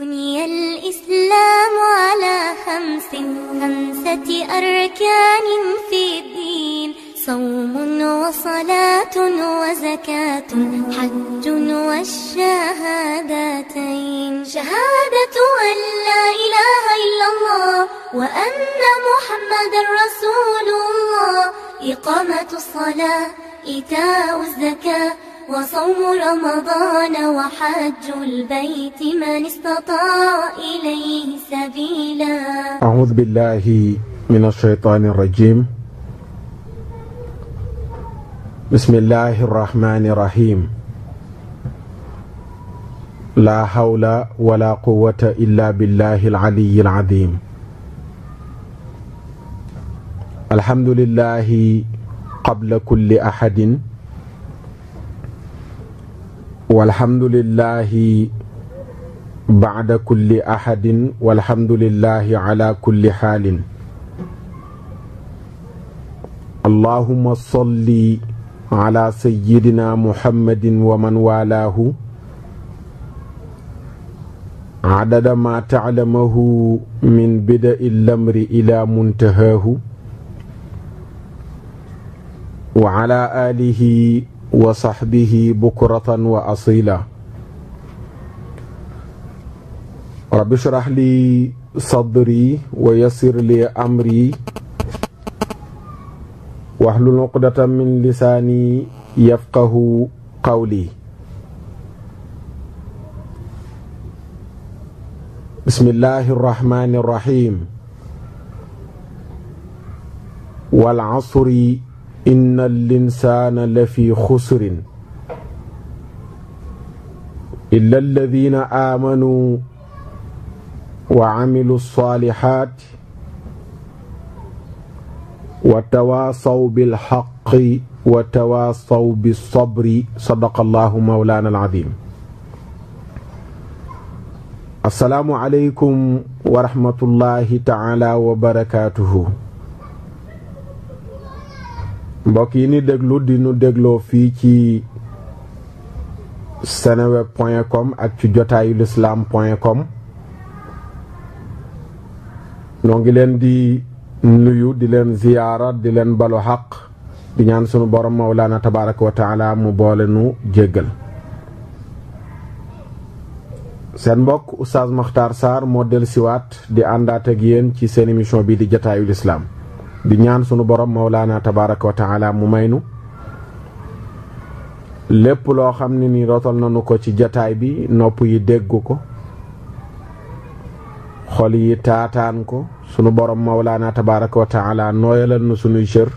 بني الإسلام على خمس خمسة أركان في الدين صوم وصلاة وزكاة حج والشهادتين شهادة أن لا إله إلا الله وأن محمد رسول الله إقامة الصلاة إيتاء الزكاة وصوم رمضان وحج البيت من استطاع إليه سبيلا أعوذ بالله من الشيطان الرجيم بسم الله الرحمن الرحيم لا حول ولا قوة إلا بالله العلي العظيم الحمد لله قبل كل أحد والحمد لله بعد كل أحد والحمد لله على كل حال اللهم صل على سيدنا محمد ومن والاه عدد ما تعلمه من بدء الأمر إلى منتهاه وعلى آله وصحبه بكرة وأصيلا رب اشرح لي صدري ويسر لي أمري وحل نقدة من لساني يفقه قولي بسم الله الرحمن الرحيم والعصر إن الإنسان لفي خسر إلا الذين آمنوا وعملوا الصالحات وتواصوا بالحق وتواصوا بالصبر صدق الله مولانا العظيم السلام عليكم ورحمة الله تعالى وبركاته mbokk yi ni déglu di nu dégloo fii ci seneweb point ak ci jotaayu lislaam point com noo ngi leen di nuyu di leen ziyaara di leen balu xaq di ñaan sunu borom mawlaana tabaraka wa mu boole nu jéggal seen mbokk oustaz maxtar Sarr moo siwaat di àndaat ak yéen ci seen mission bi di jotaayu lislaam di ñaan sunu borom mawlaana tabaraka wa taala mu may nu lépp loo xam ne ni rotal nañu ko ci jataay bi nopp yi dégg ko xol yi taataan ko sunu borom mawlaana tabaraka wa taala nooyalal nu sunuy cër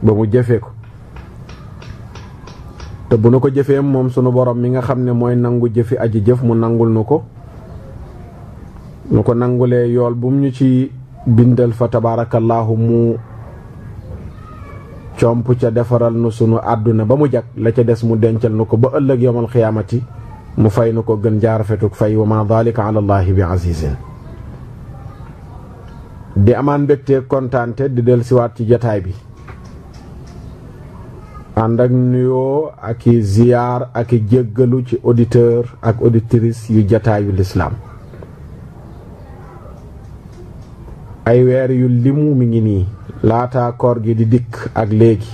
ba mu jëfee ko te bu nu ko jëfee moom sunu borom mi nga xam ne mooy nangu jëfi aji jëf mu nangul nu ko nu ko nangulee yool bu mu ñu ci bindal fa tabaarakallaahu mu comp ca defaral nu sunu àdduna ba mu jag la ca des mu dencal nu ko ba ëllëg yowmal xiyaamati mu fay nu ko gën jaar fetug fay wa ma dalika ala bi azizin di amaan mbégte kontaante di del siwaat ci jataay bi ànd ak nuyoo ak i ziyaar ak i jéggalu ci auditeur ak auditrice yu jataayu lislaam ay weer yu limu mi ngi nii laata koor gi di dikk ak léegi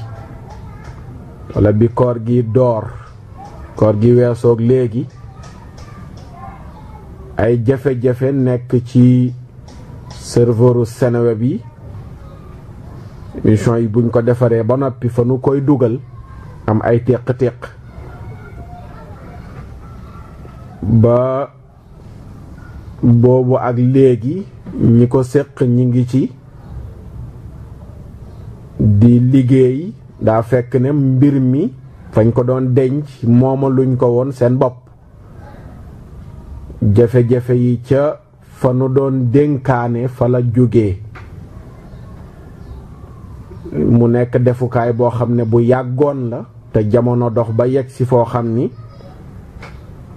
wala bi koor gi door koor gi weesook léegi ay jafe-jafe nekk ci serveuru Seneweb yi mission yi buñ ko defaree ba noppi fa nu koy dugal am ay téq-téq ba boobu ak léegi ñi ko séq ñi ngi ci di liggéey daa fekk ne mbir mi fañ ko doon denc mooma luñ ko woon seen bopp jafe-jafe yi ca fa nu doon dénkaane fa la jógee mu nekk defukaay boo xam ne bu yàggoon la te jamono dox ba yegg ci foo xam ni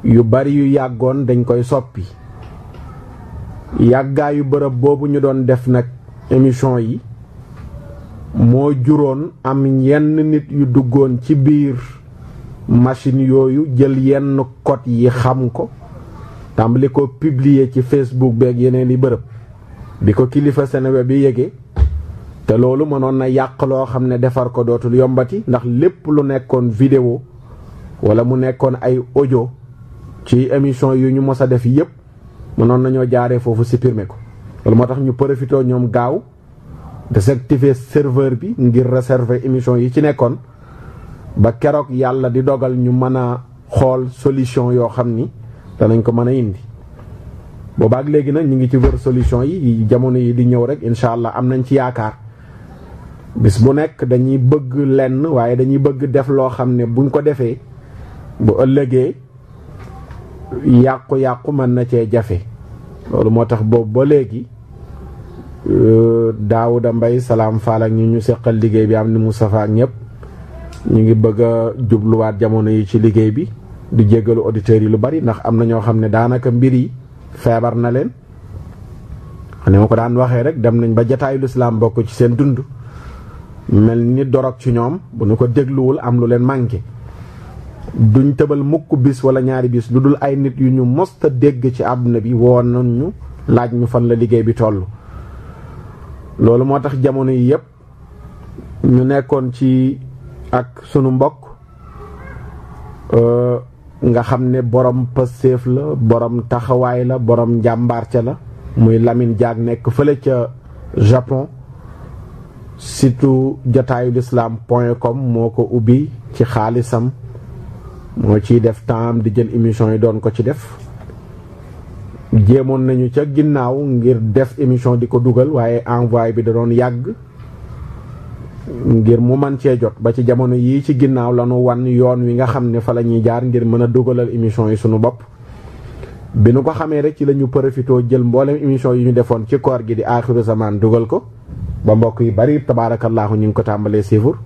yu bari yu yàggoon dañ koy soppi yàggaayu bërëb boobu ñu doon def nag émission yi moo juróon am yenn nit yu duggoon ci biir machine yooyu jël yenn code yi xam ko tàmbali ko publier ci Facebook beeg yeneen i bërëb bi ko kilifa Seneweb bi yëgee te loolu mënoon na yàq loo xam ne defar ko dootul yombati ndax lépp lu nekkoon vidéo wala mu nekkoon ay ojo ci émission yu ñu mës a def yépp mënoon nañoo jaaree foofu supprimer ko loolu moo tax ñu profité ñoom gaaw désactiver serveur bi ngir réserver émission yi ci nekkoon ba keroog yàlla di dogal ñu mën a xool solution yoo xam ni danañ ko mën a indi boobaak léegi nag ñu ngi ci wër solution yi jamono yi di ñëw rek incha allah am nañ ci yaakaar bis bu nekk dañuy bëgg lenn waaye dañuy bëgg def loo xam ne buñ ko defee bu ëllëgee yàqu-yàqu mën na cee jafe loolu moo tax boobu ba léegi euh, Daawuda Mbay salaam faal ñu ñu seqal liggéey bi am ni Moustapha ak ñëpp ñu ngi bëgg a jubluwaat jamono yi ci liggéey bi di jéggalu auditeurs yi lu bari ndax am na ñoo xam ne daanaka mbir yi feebar na leen ni ma ko daan waxee rek dem nañ ba jataayu salaam bokk ci seen dund mel ni dorog ci ñoom bu ñu ko dégluwul am lu leen manqué duñ tëbal mukk bis wala ñaari bis lu dul ay nit yu ñu mosta dégg ci àdduna bi woon ñu laaj ñu fan la liggéey bi toll loolu moo tax jamono yi yépp ñu nekkoon ci ak sunu mbokk euh, nga xam ne boroom pëstéef la borom taxawaay la borom njàmbaar ca la muy Lamine Diack nekk fële ca Japon surtout jotaayu lislaam point com moo ko ubbi ci xaalisam moo ciy def temps di jël émission yi doon ko ci def jéemoon nañu ca ginnaaw ngir def émission di ko dugal waaye envoi bi da doon yàgg ngir mu man cee jot ba ci jamono yii ci ginnaaw lañu wan yoon wi nga xam ne fa la ñuy jaar ngir mën a dugalal émission yi sunu bopp bi nu ko xamee rek ci la ñu profitoo jël mboolem émission yi ñu defoon ci koor gi di aaxiru zaman dugal ko ba mbokk yi bari tabaarakallaahu ñu ngi ko tàmbalee siifur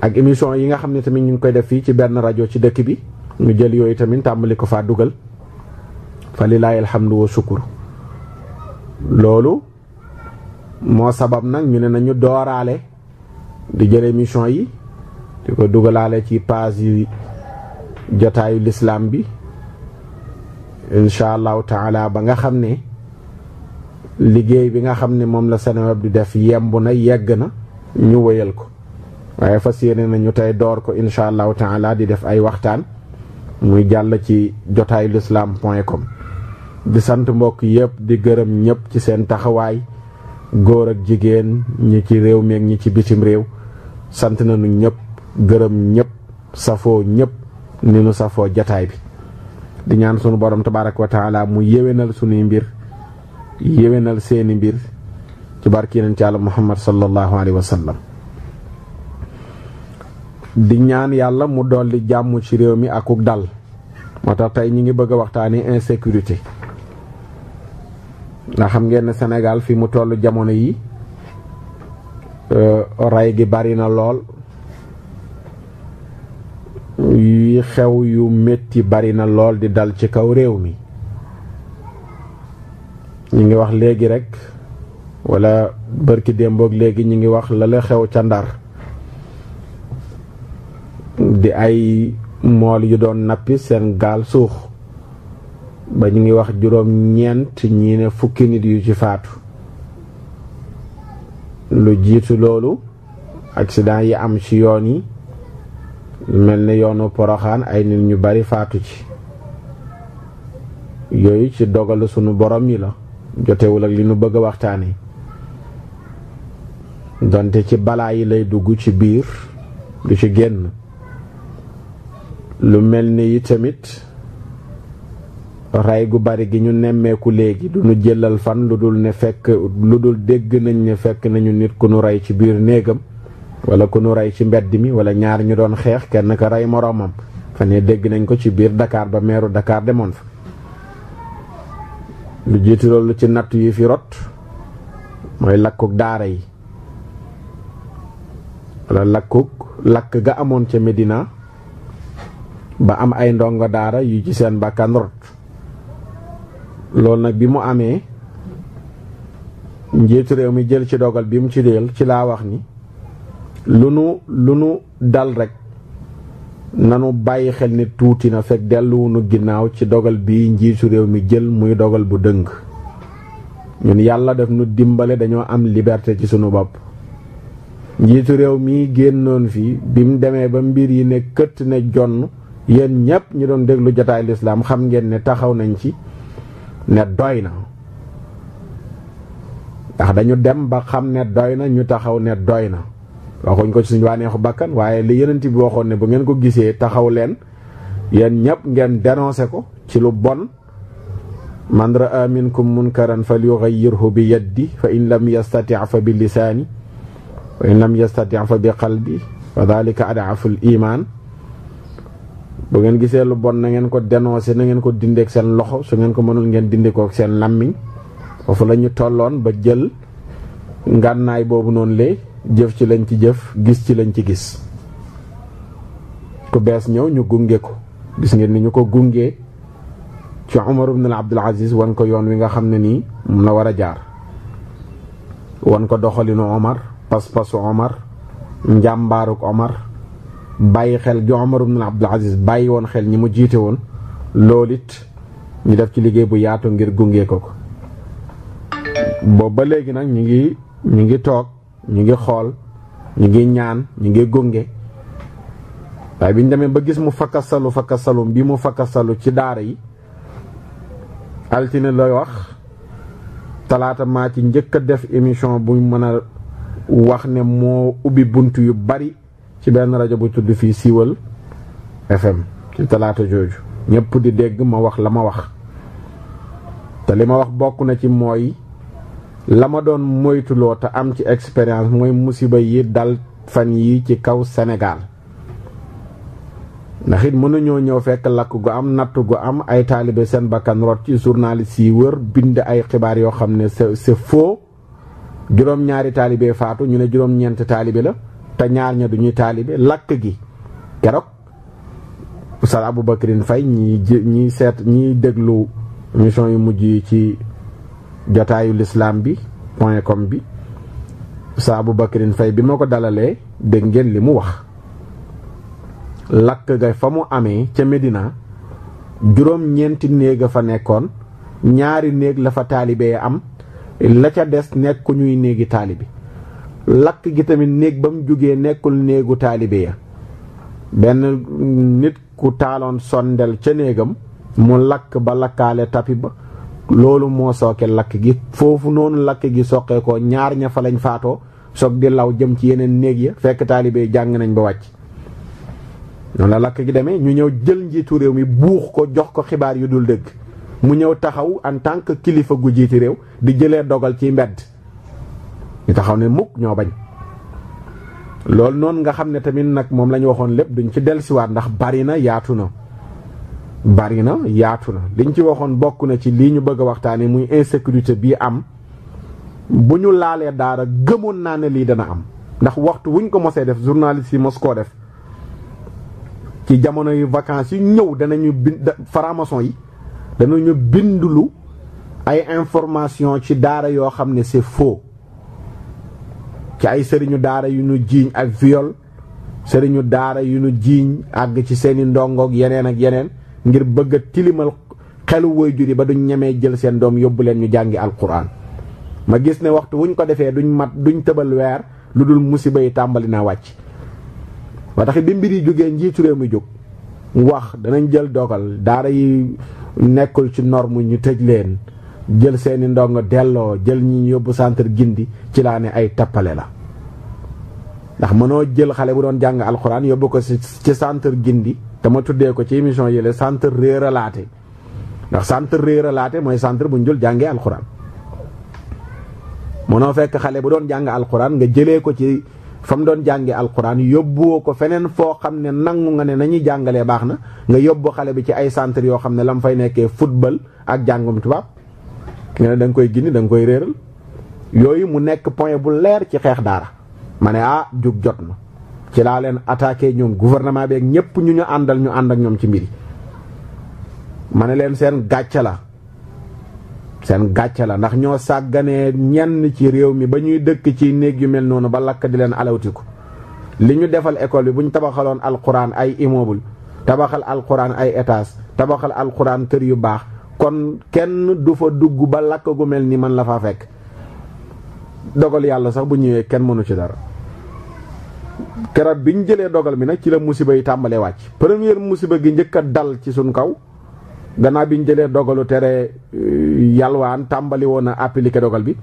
ak émission yi nga xam ne tamit ñu ngi koy def fii ci benn rajo ci dëkk bi ñu jël yooyu tamit tàmbali ko faa dugal fa lilaay alhamdu wa loolu moo sabab nag ñu ne nañu dooraale di jël émission yi di ko dugalaale ci page yi jotaayu lislaam bi incha allahu taala ba nga xam ne liggéey bi nga xam ne moom la Seneweb di def yemb na yegg na ñu wëyal ko waaye fas yéene nañu tey door ko incha allahu taala di def ay waxtaan muy jàll ci jotaayu lislaam point com di sant mbokk yëpp di gërëm ñëpp ci seen taxawaay góor ak jigéen ñi ci réew meek ñi ci bitim réew sant nañu ñëpp gërëm ñëpp safoo ñëpp ni safoo jataay bi di ñaan sunu borom tabaaraka wa taala mu yéwénal sunuy mbir yéwénal seeni mbir ci barki nañ ci àlla muhammad sallallahu alayhi wa sallam di ñaan yàlla mu dolli jàmm ci réew mi akuk dal moo tax tey ñi ngi bëgg a waxtaani insécurité ndax xam ngeen ne Sénégal fi mu toll jamono yi euh, rey gi bari na lool yi xew yu metti bari na lool di dal ci kaw réew mi ñu ngi wax léegi rek walla bërki démboog léegi ñu ngi wax la xew ca Ndar di ay mool yu doon nappi seen gaal suux ba ñu ngi wax juróom ñeent ñi ne fukki nit yu ci faatu lu jiitu loolu accident yi am ci yoon yi mel ne yoonu poroxaan ay nit ñu bari faatu ci yooyu ci dogalu sunu borom yi la jotewul ak li ñu bëgg a waxtaane donte ci balaa yi lay dugg ci biir du ci génn lu mel ni tamit ray gu bari gi ñu nemmeeku léegi du ñu jëlal fan lu dul ne fekk lu dul dégg nañ ne fekk nañu nit ku rey ci biir néegam wala ku rey ci mbedd mi wala ñaar ñu doon xeex kenn ka rey moroomam fan dégg nañ ko ci biir Dakar ba meeru Dakar demoon fa lu jiitu loolu ci natt yi fi rot mooy lakkuk daara yi wala lakkuk lakk ga amoon ca Medina. ba am ay ndongo daara yu ci seen bakkan rot loolu nag bi mu amee njiitu réew mi jël ci dogal bi mu ci jël ci laa wax ni lu nu lu nu dal rek nanu bàyyi xel ni tuuti na fekk delluwunu ginnaaw ci dogal bi njiitu réew mi jël muy dogal bu dëng ñun yàlla def nu dimbale dañoo am liberte ci sunu bopp njiitu réew mi génnoon fii bi mu demee ba mbir yi ne këtt ne jonn yéen ñëpp ñu doon déglu jotaay lislaam xam ngeen ne taxaw nañ ci ne doy na ndax dañu dem ba xam ne doy na ñu taxaw ne doy na waxuñ ko ci suñ wàaneexu bàkkan waaye li yenent bi waxoon ne bu ngeen ko gisee taxaw leen yéen ñëpp ngeen dénoncé ko ci lu bon man raa minkum munkaran falyughayyirhu bi yaddi fa in lam yastati fa bi lisaani fa in lam yastati fa bi qalbi wa dhalika ad'afu al iman bu ngeen gisee lu bon na ngeen ko dénoncé na ngeen ko ak seen loxo su ngeen ko mënul ngeen dinde ko ak seen làmmiñ foofu la ñu tolloon ba jël ngànnaay boobu noonu le jëf ci lañ ci jëf gis ci lañ ci gis ku bees ñëw ñu gunge ko gis ngeen ni ñu ko gungee ci Umar ibn Abdul Aziz wan ko yoon wi nga xam ne nii la jaar wan ko doxalinu Omar pas-pasu Omar njàmbaaruk Omar bàyyi xel gi Omar ibn Abdul Aziz bàyyi woon xel ñi mu jiite woon loolu it ñu def ci liggéey bu yaatu ngir gunge ko ko boobu ba léegi nag ñu ngi ñu ngi toog ñu ngi xool ñu ngi ñaan ñu ngi gunge waaye biñ demee ba gis mu fakkasalu fakkasalu bi mu fakkasalu ci daara yi altine lay wax talaata maa ci njëkk a def émission bu mën a wax ne moo ubbi bunt yu bari ci benn rajo bu tudd fii siiwal FM ci talaata jooju ñépp di dégg ma wax la ma wax te li ma wax bokk na ci mooy la ma doon moytuloo te am ci expérience mooy musiba yi dal fan yi ci kaw Sénégal ndaxit it mënuñoo ñëw fekk lakk gu am natt gu am ay taalibe seen bakkan rot ci journaliste yi wër bind ay xibaar yoo xam ne c'est faux juróom-ñaari taalibe faatu ñu ne juróom-ñeent taalibe la te ñaar ña duñuy taalibe lakk gi keroog Oustaz Aboubacrin Faye ñi ñi seet ñiy déglu mission yu mujj yi ci jotaayu lislaam bi point com bi Oustaz Aboubacrin fay bi ma ko dalalee dégg ngeen li mu wax lakk ga fa mu amee ca Medina juróom-ñeenti néeg a fa nekkoon ñaari néeg la fa taalibe am la ca des nekk ku ñuy néegi taalibe lakk gi tamit néeg ba mu jógee nekkul néegu taalibe ya benn nit ku taaloon sondel ca néegam mu lakk ba lakkaale tapi ba loolu moo sooke lakk gi foofu noonu lakk gi soqee ko ñaar ña fa lañ faatoo soog di law jëm ci yeneen néeg ya fekk taalibe yi jàng nañ ba wàcc noonu la lakk gi demee ñu ñëw jël njiitu réew mi buux ko jox ko xibaar yu dul dëgg mu ñëw taxaw en tant que kilifa gu jiiti réew di jëlee dogal ci mbedd ñu taxaw ne mukk ñoo bañ loolu noonu nga xam ne tamit nag moom la waxoon lépp duñ ci dellusiwaat ndax bari na yaatu na bari na yaatu na liñ ci waxoon bokk na ci lii ñu bëgg waxtaan waxtaanee muy insécurité bii am bu ñu laalee daara gëmoon naa ne lii dana am ndax waxtu wuñ ko mosee def journaliste yi mos def ci jamono yu vacances yi ñëw danañu bind yi danañu bindulu ay information ci daara yoo xam ne c'est faux ci ay sëriñu daara yu ñu jiiñ ak viol sëriñu daara yu ñu jiiñ àgg ci seeni ndongook yeneen ak yeneen ngir bëgg a tilimal xelu waajur yi ba duñ ñemee jël seen doom yóbbu leen ñu jàngi alquran ma gis ne waxtu wuñ ko defee duñ mat duñ tëbal weer lu dul musiba yi tàmbali naa wàcc ba tax bi mbir yi jógee njiitu réew mi jóg wax danañ jël dogal daara yi nekkul ci normu ñu tëj leen jël seeni ndongo delloo jël ñi yóbbu centre gindi ci laa ne ay tappale la ndax mënoo jël xale bu doon jàng alxuraan yóbbu ko ci ci centre gindi te ma tuddee ko ci émission yële centre réeralaate ndax centre réeralaate mooy centre bu ñu jël jàngee alxuraan. mënoo fekk xale bu doon jàng alxuraan nga jëlee ko ci fa mu doon jàngee alxuraan yóbbuwoo ko feneen foo xam ne nangu nga ne nañuy jàngalee baax na nga yóbbu xale bi ci ay centre yoo xam ne la mu fay nekkee futbal ak jàngum tubaab nga ne da koy gindi danga koy réeral yooyu mu nekk point bu leer ci xeex daara. ma ne ah jug jot na ci laa leen attaqué ñoom gouvernement bi ak ñëpp ñu ñu àndal ñu ànd ak ñoom ci mbiri ma ne leen seen gàcce la seen gàcce la ndax ñoo sàgganee ñenn ci réew mi ba ñuy dëkk ci néeg yu mel noonu ba lakk di leen alawtiku li ñu defal école bi bu ñu tabaxaloon alxuraan ay immeuble tabaxal alquran ay étage tabaxal alquran kër yu baax kon kenn du fa dugg ba lakk gu mel ni man la faa fekk dogal yàlla sax bu ñëwee kenn mënu ci dara keroog bi jëlee dogal bi nag ci la musiba yi tàmbalee wàcc première musiba gi njëkk a dal ci suñ kaw gannaaw bi jëlee dogalu tere euh, yalwaan tàmbali woon a appliquer dogal bi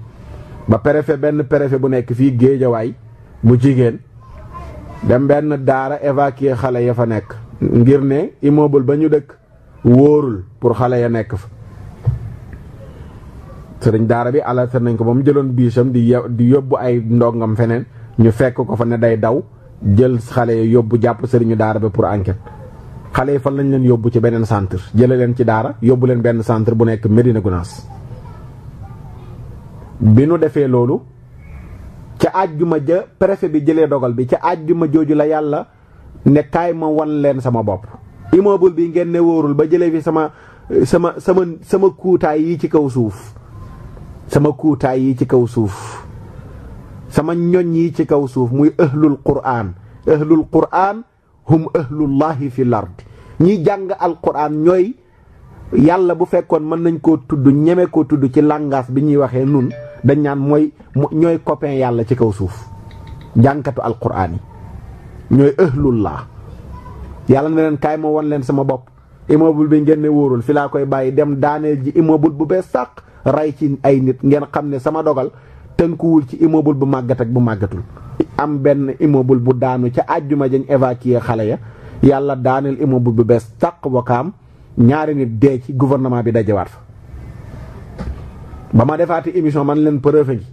ba préfet benn préfet bu nekk fii géejawaay bu jigéen dem benn daara évacuer xale ya fa nekk ngir ne immeuble ba ñu dëkk wóorul pour xale ya nekk fa sëriñ daara bi alerté nañ ko ba mu jëloon biisam di di yóbbu ay ndongam feneen ñu fekk ko fa ne day daw jël xale yóbbu jàpp sëriñu daara bi pour enquête xale yi fan lañ leen yóbbu ci beneen centre jële leen ci daara yóbbu leen benn centre bu nekk Médina Gounass bi nu defee loolu ca àjjuma ja préfet bi jëlee dogal bi ca àjjuma jooju la yàlla ne kaay ma wan leen sama bopp immeuble bi ngeen ne wóorul ba jëlee fi sama sama sama sama kuutaay yi ci kaw suuf sama kuutaay yi ci kaw suuf sama ñoñ yi ci kaw suuf muy ahlul quraan ahlul quraan hum ahlullahi fi lard ñiy jàng alquraan ñooy yàlla bu fekkoon mën nañ koo tudd ñeme ko tudd ci langage bi ñuy waxee nun dañ naan mooy ñooy copain yàlla ci kaw suuf jànkatu alquraan yi ñooy ahlullah yàlla na leen kaay ma won leen sama bopp immeuble bi ngeen ne wóorul fi koy bàyyi dem daaneel ji immeuble bu bees sàq rey ci ay nit ngeen xam ne sama dogal tënkuwul ci immeuble bu màggat ak bu màggatul. am benn immeuble bu daanu ca àjjuma jañ évacuer xale ya yàlla daaneel immeuble bu bees tàq wakaam ñaari nit dee ci gouvernement bi dajewaat fa. ba ma defaati émission man leen preuve gi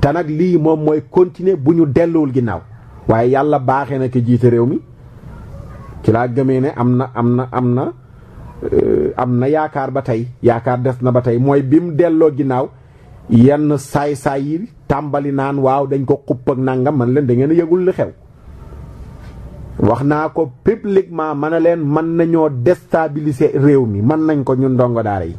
te nag lii moom mooy continuer bu ñu delluwul ginnaaw waaye yàlla baaxe na ki jiite réew mi ci laa gëmee ne am na am na am na. Euh, am na yaakaar ba tey yaakaar des na ba tey mooy bi mu delloo ginnaaw yenn saay-saay yi tàmbali naan waaw dañ ko xupp ak nangam man leen da ngeen a yëgul li xew wax naa ko publiquement ma ne leen mën nañoo déstabiliser réew mi mën nañ ko ñun ndongo daara yi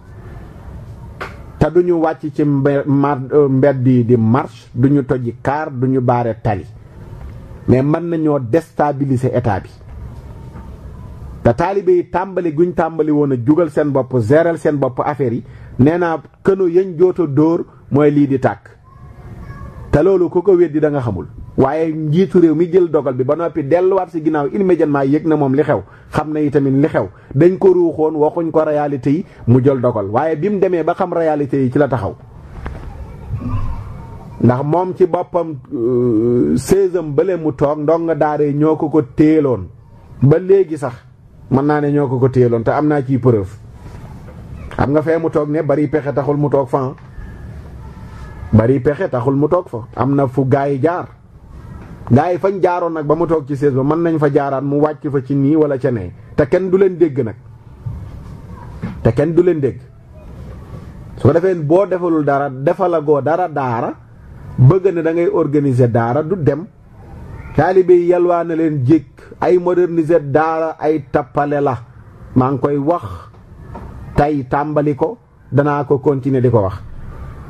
te duñu wàcc ci mbedd yi di marche duñu toji kaar duñu baare tali mais mën nañoo déstabiliser état bi te taalibe yi tàmbali guñ tàmbali woon a jugal seen bopp zeral seen bopp affaire yi nee naa këno yëñ joota dóor mooy lii di tàkk te loolu ku ko weddi da nga xamul waaye njiitu réew mi jël dogal bi ba noppi delluwaat si ginnaaw immédiatement yëg na moom li xew xam na itamit li xew dañ ko ruuxoon waxuñ ko réalité yi mu jël dogal waaye bi mu demee ba xam réalité yi ci la taxaw ndax moom ci boppam euh, seizième bële mu toog ndongo daaree ñoo ko ko téeloon ba léegi sax mën naa ne ñoo ko ko téyeloon te am naa ciy preuve xam nga fee mu toog ne bari pexe taxul mu toog fa bari pexe taxul mu toog fa am na fu gaa yi jaar gaa yi fañ jaaroon nag ba mu toog ci sees ba mën nañu fa jaaraan mu wàcc fa ci nii wala ca te kenn du leen dégg nag te kenn du leen dégg su ko defee boo defalul dara defalagoo dara daara bëgg na da ngay organiser daara du dem taalibe yi yalwaa na leen jég ay moderniser daara ay tappale la maa ngi koy wax tey tàmbali ko danaa ko continuer di ko wax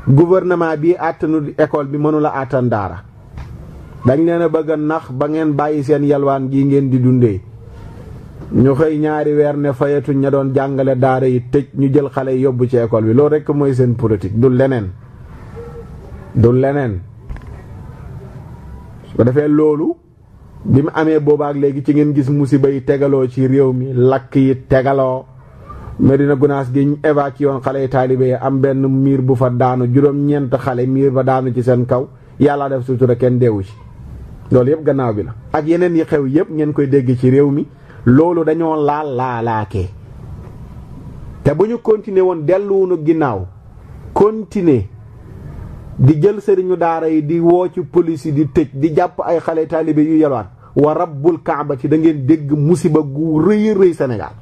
gouvernement bii àttanu di école bi mënula àttan daara dañ leen a bëgg a nax ba ngeen bàyyi seen yalwaan gi ngeen di dundee ñu xëy ñaari weer ne fayatuñ ña doon jàngale daara yi tëj ñu jël xale yóbbu ci école bi loolu rekk mooy seen politique du leneen du leneen su ko defee loolu bi mu amee boobaak léegi ci ngeen gis musiba yi tegaloo ci réew mi lakk yi tegaloo Medina Gunaas gi ñu évacué woon xale yi taalibe yi am benn miir bu fa daanu juróom-ñeent xale miir ba daanu ci seen kaw yàlla def sutura kenn deewu ci loolu yëpp gannaaw bi la. ak yeneen yi xew yëpp ngeen koy dégg ci réew mi loolu dañoo laal laalaakee te bu ñu continuer woon delluwunu ginnaaw kontiné di jël sëriñu daara yi di woo ci police yi di tëj di jàpp ay xale taalibe yu yelwaan wa rabbul kaaba ci dangeen dégg musiba gu rëy rëy Sénégal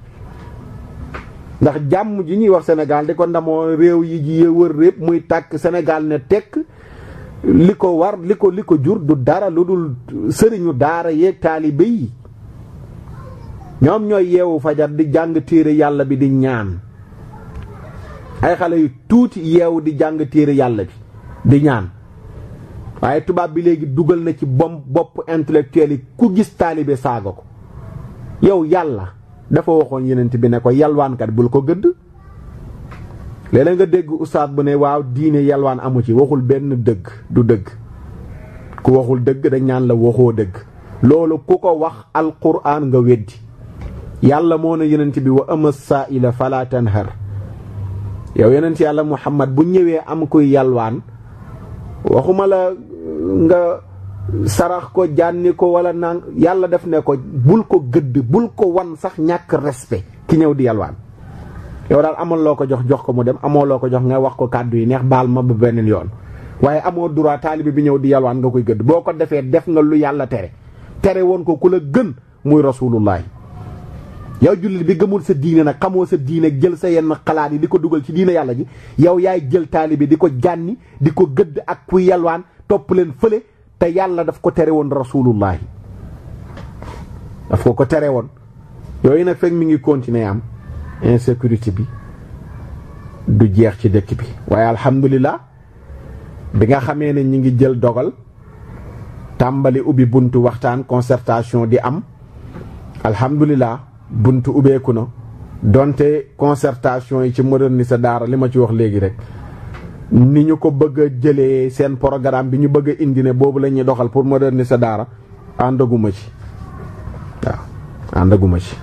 ndax jàmm ji ñuy wax Sénégal di ko ndamoo réew yi ji wër répp muy tàkk Sénégal ne tekk li ko war li ko li ko jur du dara lu dul sëriñu daara yeeg taalibe yi ñoom ñooy yeewu fajar di jàng téere yàlla bi di ñaan ay xale yu tuuti yeewu di jàng téere yàlla bi di ñaan waaye tubaab bi léegi dugal na ci bom bopp intellectuel yi ku gis taalibe saaga ko yow yàlla dafa waxoon yenent bi ne ko yalwaankat bul ko gëdd léeg nga dégg ustaat bu ne waaw diine yalwaan amu ci waxul benn dëgg du dëgg ku waxul dëgg dañ naan la waxoo dëgg loolu ku ko wax alquraan nga weddi yàlla moo na yenent bi wa ama saaila fala tanhar yow yenent yàlla muhammad bu ñëwee am kuy yalwaan waxuma la nga sarax ko jànni ko wala nang yàlla def ne ko bul ko gëdd bul ko wan sax ñàkk respect ki ñëw di yalwaan yow daal amoon loo ko jox jox ko mu dem amoo loo ko jox nga wax ko kàddu yi neex baal ma ba beneen yoon waaye amoo droit taalibe bi ñëw di yalwaan nga koy gëdd boo ko defee def nga lu yàlla tere tere woon ko ku la gën muy rasulullahi yow jullit bi gëmul sa diine nag xamoo sa diine jël sa yenn xalaat yi di ko dugal ci diine yàlla ji yow yaay jël taalibe di ko jànni di ko gëdd ak kuy yalwaan topp leen fële te yàlla daf ko tere woon rasulullahi daf ko ko tere woon yooyu nag fekk mi ngi continuer am insécurité bi du jeex ci dëkk bi waaye alhamdulilah bi nga xamee ne ñi ngi jël dogal tàmbali ubbi buntu waxtaan concertation di am alhamdulilah buntu ubbeeku na doonte concertation yi ci sa daara li ma ci wax léegi rek ni ñu ko bëgg sen jëlee seen programme bi ñu bëgg indi né bobu la doxal pour moderniser dara andaguma ci wa andaguma ci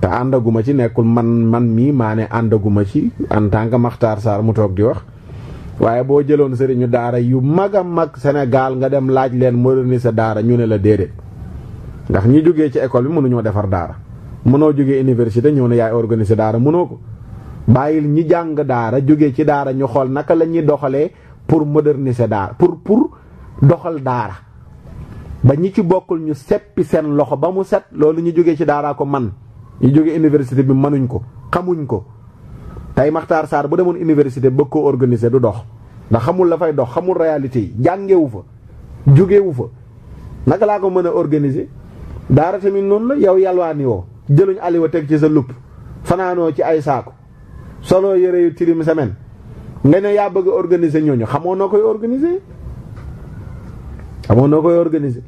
ta andaguma ci nekul man man mi mané ne ci en tant que Makhtar sar mu tok di wax waye bo jëlone sëriñu daara yu maga mag Sénégal nga dem laaj leen moderniser daara ñu ne la dédé ndax ñi joggé ci école bi ñoo défar daara mënoo joggé université ñoo ne yaay organiser daara mënoko bàyyil ñi jàng daara jóge ci daara ñu xool naka la ñuy doxalee pour moderniser daara pour pour doxal daara ba ñi ci bokkul ñu seppi seen loxo ba mu set loolu ñu jóge ci daaraa ko man ñu jóge université bi mënuñ ko xamuñ ko tey Maxtaar Sarr bu demoon université bëgg koo organiser du dox ndax xamul la fay dox xamul réalité yi jàngewu fa jógewu fa naka laa ko mën a organiser daara tamit noonu la yow yàlwaa ni woo jëluñ aliwa teg ci sa lupp fanaanoo ci ay saako solo yére yu tilim semaine nga ne yaa bëgg organise ñooñu xamoo noo koy organise xamoo noo koy organiser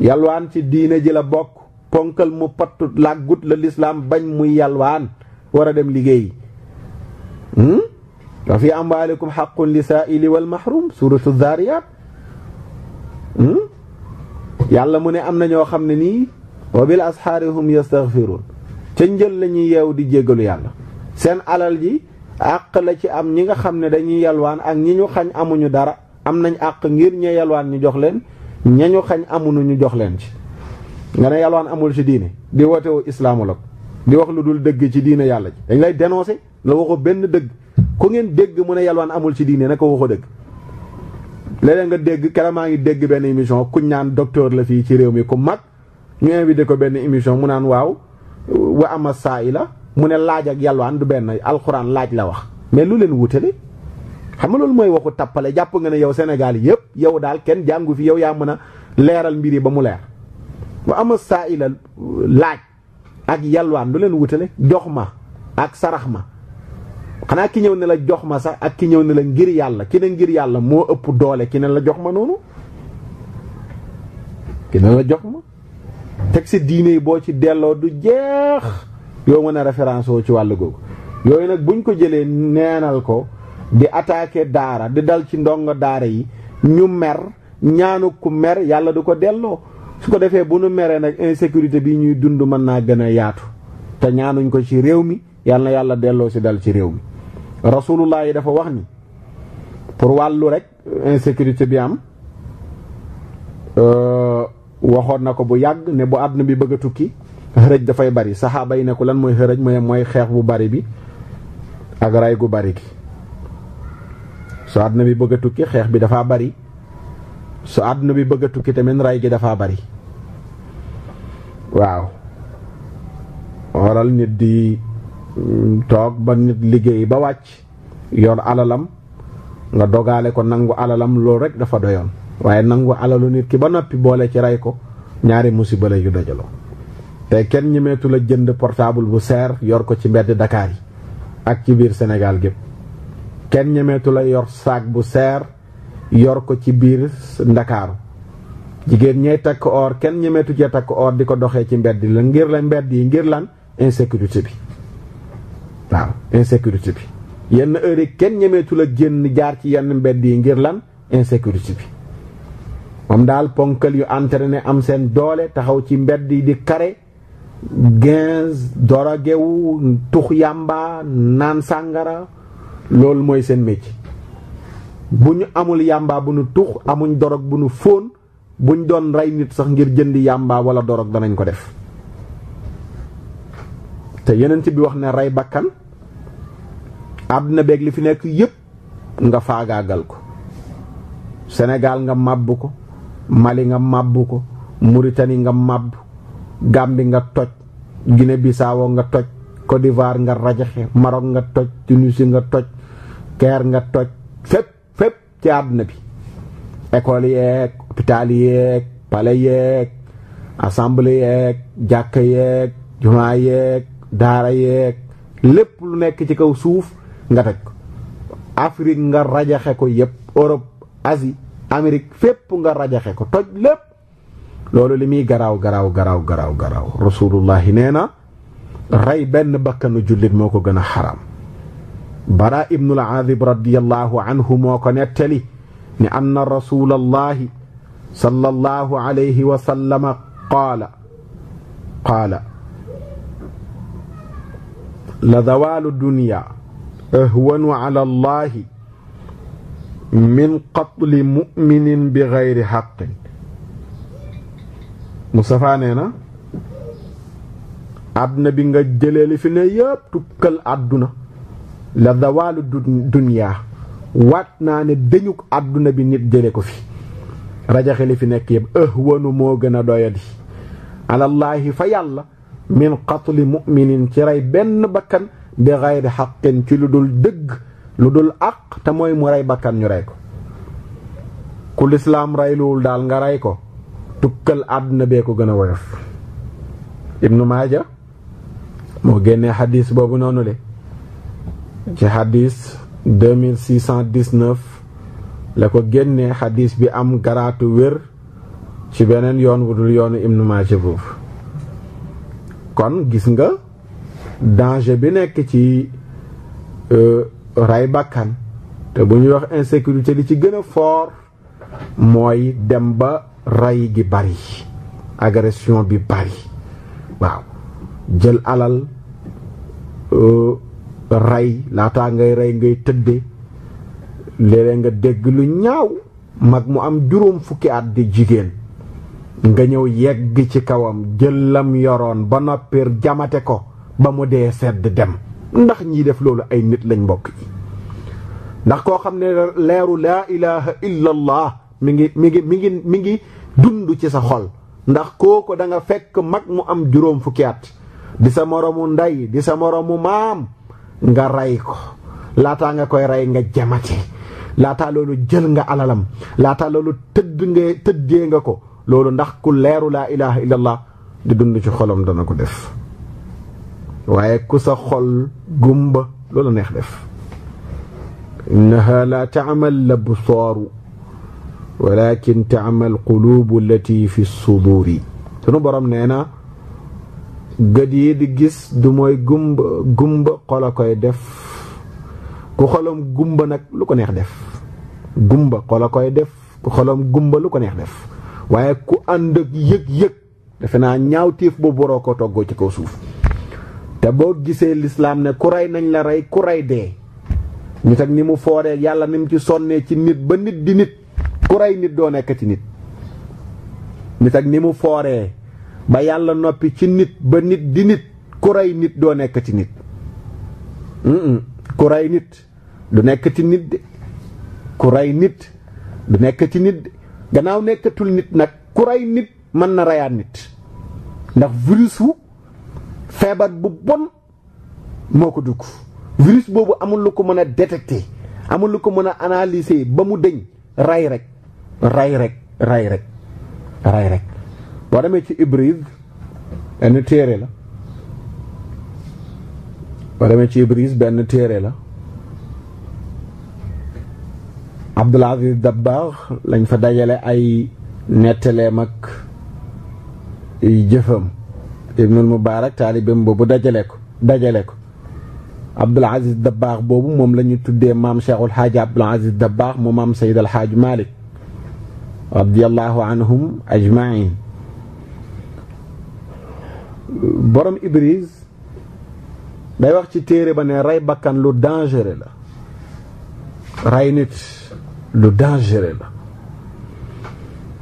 yalwaan ci diine ji la bokk ponkal mu pattu làggut la lislaam bañ muy yalwaan war a dem liggéey hmm? wa fii amwaalikum xaqun li saaili wal mahrum suratu zaariyaat hmm? yàlla mu ne am na ñoo xam ne nii wa bil asxaari hum yastaghfiruun ca njël la ñuy yeew di jéggalu yàlla seen alal ji àq la ci am ñi nga xam ne dañuy yalwaan ak ñi ñu xañ amuñu dara am nañ àq ngir ña yalwaan ñu jox leen ña ñu xañ amuñu ñu jox leen ci. nga ne yalwaan amul ci diine di woote woo islaamu la di wax lu dul dégg ci diine yàlla ci dañ lay dénoncer la waxo benn dëgg ku ngeen dégg mu ne yalwaan amul ci diine ne ko waxo dëgg. léeg nga dégg keroog maa ngi dégg benn émission kuñ naan docteur la fii ci réew mi ku mag ñu invité ko benn émission mu naan waaw wa ama saa yi la mu ne laaj ak yalwaan du benn alxuraan laaj la wax mais lu leen wutale xam nga loolu mooy waxu tappale jàpp nga ne yow Sénégal yëpp yow daal kenn jàngu fi yow yaa mën a leeral mbir yi ba mu leer wa ama saa ila laaj ak yalwaan lu leen wutale jox ma ak sarax ma xanaa ki ñëw ne la jox ma sax ak ki ñëw ne la ngir yàlla ki ne ngir yàlla moo ëpp doole ki ne la jox ma noonu ki ne la jox ma teg si diine yi boo ci delloo du jeex yow mën a référence woo ci wàllu googu yooyu nag buñ ko jëlee neenal ko di attaquer daara di dal ci ndongo daara yi ñu mer ñaanu ku mer yàlla du ko delloo su ko defee bu nu meree nag insécurité bi ñuy dund mën naa gën a yaatu te ñaanuñ ko ci réew mi yàlla yàlla delloo si dal ci réew mi rasulullah yi dafa wax ni pour wàllu rek insécurité bi am euh, waxoon na ko bu yàgg ne bu àdduna bi bëgg a tukki da fay bari sahaba yi ne ko lan moy xërëj moy moy xex bu bari bi ak ray gu bari gi so adna bi bëgg tukki xex bi dafa bari so adna bi bëgg tukki tamit ray gi dafa bari waaw waral nit di mm, tok ba nit liggey ba wacc yor alalam nga dogaale ko nangu alalam lo rek dafa doyon waye nangu alalu nit ki ba nopi boole ci ray ko ñaari musibe lay yu dajalo te kenn ñemeetu la jënd portable bu seer yor ko ci mbedd Dakar yi ak ci biir Sénégal gépp kenn ñemeetu la yor saag bu seer yor ko ci biir Ndakaaru jigéen ñey takk or kenn ñemeetu cee takk or di ko doxee ci mbedd la ngir la mbedd yi ngir lan insécurité bi waaw insécurité bi yenn heure kenn ñemeetu la génn jaar ci yenn mbedd yi ngir lan insécurité bi moom daal ponkal yu entraîné am seen doole taxaw ci mbedd di kare gens dorogewu tux yàmba naan sàngara loolu mooy seen métier bu ñu amul yàmba bu nu tux amuñ dorog bu nu fóon buñ doon rey nit sax ngir jënd yàmba wala dorog danañ ko def te yeneen bi wax ne rey bàkkan àdduna beeg li fi nekk yépp nga faagaagal ko Sénégal nga màbb ko Mali nga màbb ko Mauritanie nga màbb Gambie nga toj Guinée Bissau nga toj Côte d'Ivoire nga rajaxe Maroc nga toj Tunisie nga toj Caire nga toj fépp fépp ci àdduna bi école yeeg hôpital yeeg palais yeeg assemblée yeeg jàkka yeeg jumaa yeeg daara yeeg lépp lu nekk ci kaw suuf nga toj ko Afrique nga rajaxe ko yépp Europe Asie Amérique fépp nga rajaxe ko toj lépp loolu li muy garaaw garaaw garaaw garaaw garaaw rasulullahi nee na rey benn bakkanu jullit moo ko gën a xaram bara ibnul aazib radiallahu moo ko nettali ni anna rasulallahi sallallahu alayhi wa sallama qaala qaala la zawaalu dunya ahwanu ala allahi min qatli muminin bi gayri Moustapha nee na àdduna bi nga jële li fi ne yëpp tukkal àdduna la dawalu duniyaa waat naa ne dañu àdduna bi nit jële ko fi rajaxe li fi nekk yëpp ëhwanu moo gën a doyadi alallaahi fa yàlla min qatli muminin ci rey benn bakkan bi gayri xaqin ci lu dul dëgg lu dul àq te mooy mu rey bakkan ñu rey ko ku lislaam rey luwul daal nga rey ko tukkal àdduna bee ko gën a woyof ibnu moo génnee xadis boobu noonu le ci xadis 2619 la ko génnee xadis bi am garaatu wér ci beneen yoon wu dul yoonu ibnu maaja boobu kon gis nga danger bi nekk ci euh, ray bakkan te bu ñuy wax insécurité li ci gën a fort mooy dem ba ray gi bari agression bi bari waaw jël alal euh, ray laataa ngay rey ngay tëdde léeg nga dégg lu ñaaw mag mu am juróom fukki at di jigéen nga ñëw yegg ci kawam jël lam yoroon ba noppir jamate ko ba mu dee sedd dem ndax ñiy def loolu ay nit lañ mbokk yi ndax koo xam ne leeru laa ilaha illa mi ngi mi ngi mi ngi mi ngi dund ci sa xol ndax kooku da nga fekk mag mu am juróom fukkiyaat di sa moroomu ndey di sa moroomu maam nga rey ko laataa nga koy rey nga jamati laataa loolu jël nga alalam laataa loolu tëdd nga tëddee nga ko loolu ndax ku leeru laa ilaha illallah di dundu ci xolam dana ko def waaye ku sa xol gumba loolu neex def innaha la taamal la bu sooru walakin taama alqulubu allati fi suduuri sunu borom nee na gët yi di gis du mooy gumba gumba xol a koy def ku xolam gumba lu ko neex def gumba xol koy def ku gumba lu ko neex def waaye ku ànd ak yëg-yëg defe naa ñaaw téef boobu waroo ko toggoo ci kaw suuf te boo gisee lislaam ne ku rey nañ la rey ku rey dee ñu teg ni mu fooree yàlla ni mu ci sonnee ci nit ba nit di nit ku rey nit doo nekkati nit nit ak ni mu fooree ba yàlla noppi ci nit ba nit di nit ku rey nit doo nekk ci nit ku rey nit du nekk ci nit nit du nekk ci nit gannaaw nekkatul nit nag ku rey nit mën na reyaat nit ndax virus feebar bu bon moo ko dugg virus boobu amul lu ko mën a détecter amul lu ko mën a analyser ba mu deñ rey rek ray rek ray rek ray rek boo demee ci Ibriz benn téere la boo demee ci Ibriz benn téere la Abdul Aziz Dabbagh lañ fa dajale ay nettaleem ak jëfam Ibnul Mubarak taalibeem boobu dajale ko dajale ko Abdul Aziz Dabbagh boobu moom la ñu tuddee maam Cheikhul Hadj Abdul Aziz Dabbagh mu maam Seydal Hadj Malick radiyallahu anhum ajmain borom Ibris day wax ci téere ba ne rey bakkan lu dangereux la rey nit lu dangereux la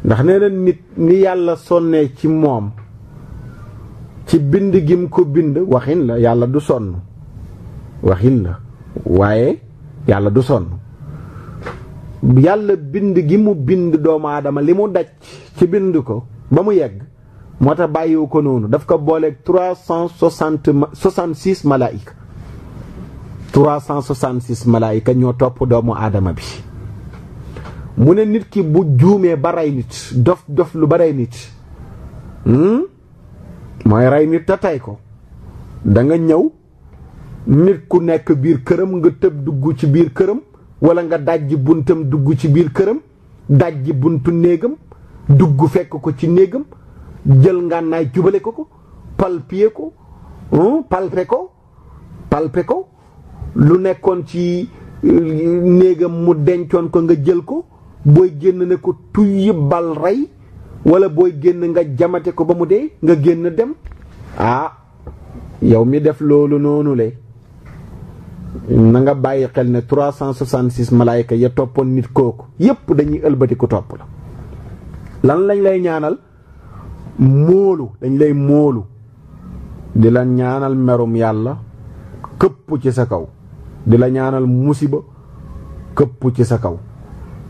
ndax ne na nit ni yàlla sonnee ci moom ci bind gim ko bind waxin la yàlla du sonn waxin la waaye yàlla du sonn yàlla bind gi mu bind doomu aadama li mu daj ci bind ko ba mu yegg moo tax bàyyiwu ko noonu daf ko booleeg trois cent soixante soixante six malaayika malaayika ñoo topp doomu aadama bi mu ne nit ki bu juumee ba rey nit dof dof lu ba rey nit hmm? mooy rey nit te tey ko da nga ñëw nit ku nekk biir këram nga tëb dugg ci biir këram wala nga dajji buntam dugg ci biir këram dajji buntu néegam dugg fekk ko ci néegam jël ngànnaay jubale ko ko palpier ko palpe ko palpe ko lu nekkoon ci euh, néegam mu dencoon ko nga jël ko booy génn ne ko tuyyi bal rey wala booy génn nga jamate ko ba mu dee nga génn dem ah yow mi def loolu noonu le na nga bàyyi xel ne 366 malaayka ya toppoon nit kooku yépp dañuy ëlbatiku topp la lan lañ lay ñaanal móolu dañ lay móolu di la ñaanal merum yàlla këpp ci sa kaw di la ñaanal musiba këpp ci sa kaw